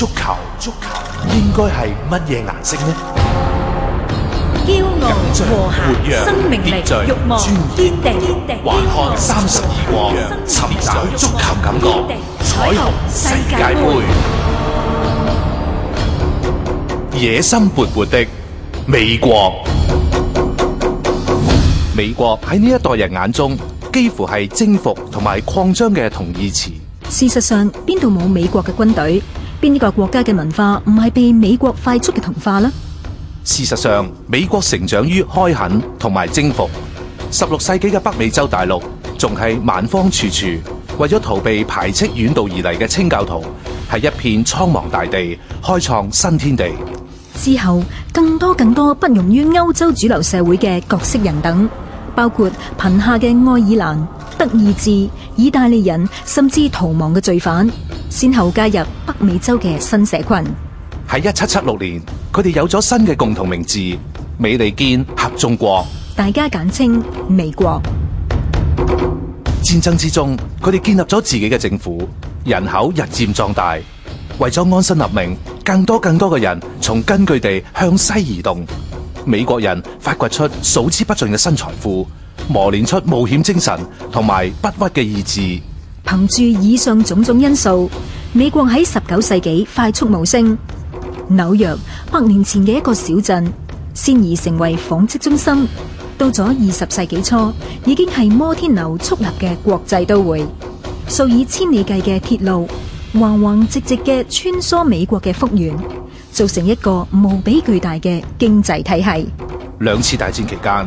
足球，足球應該係乜嘢顏色呢？驕傲、和諧、生命力、慾望、堅定、環看、三十二國，尋找足球感覺，彩虹世界杯。野心勃勃的美國，美國喺呢一代人眼中，幾乎係征服同埋擴張嘅同義詞。事實上，邊度冇美國嘅軍隊？邊個國家嘅文化唔係被美國快速嘅同化呢？事實上，美國成長於開墾同埋征服。十六世紀嘅北美洲大陸仲係蠻荒處處，為咗逃避排斥遠，遠道而來嘅清教徒，係一片蒼茫大地，開創新天地。之後，更多更多不容於歐洲主流社會嘅各色人等，包括貧下嘅愛爾蘭、德意志、意大利人甚至逃亡嘅罪犯，先後加入北美洲嘅新社群。喺一七七六年，佢哋有咗新嘅共同名字——美利堅合眾國，大家簡稱美國。戰爭之中，佢哋建立咗自己嘅政府，人口日漸壯大。為咗安身立命，更多更多嘅人從根據地向西移動。美國人發掘出數之不盡嘅新財富。磨練出冒險精神同埋不屈嘅意志。憑住以上種種因素，美國喺十九世紀快速冒升。紐約百年前嘅一個小鎮，先已成為紡織中心。到咗二十世紀初，已經係摩天樓矗立嘅國際都會。數以千里計嘅鐵路橫橫直直嘅穿梭美國嘅幅員，造成一個無比巨大嘅經濟體系。兩次大戰期間，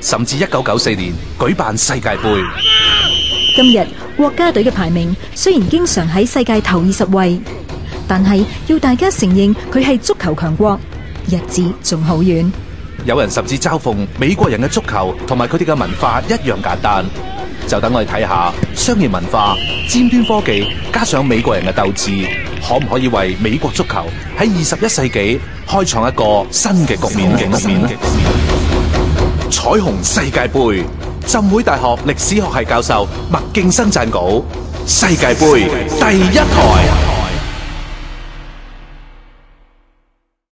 甚至一九九四年舉辦世界杯。今日國家隊嘅排名雖然經常喺世界頭二十位，但係要大家承認佢係足球強國，日子仲好遠。有人甚至嘲諷美國人嘅足球同埋佢哋嘅文化一樣簡單，就等我哋睇下商業文化、尖端科技加上美國人嘅鬥志，可唔可以為美國足球喺二十一世紀開創一個新嘅局面嘅局面。彩虹世界杯，浸會大學歷史學系教授麥敬生撰稿。世界杯第一台。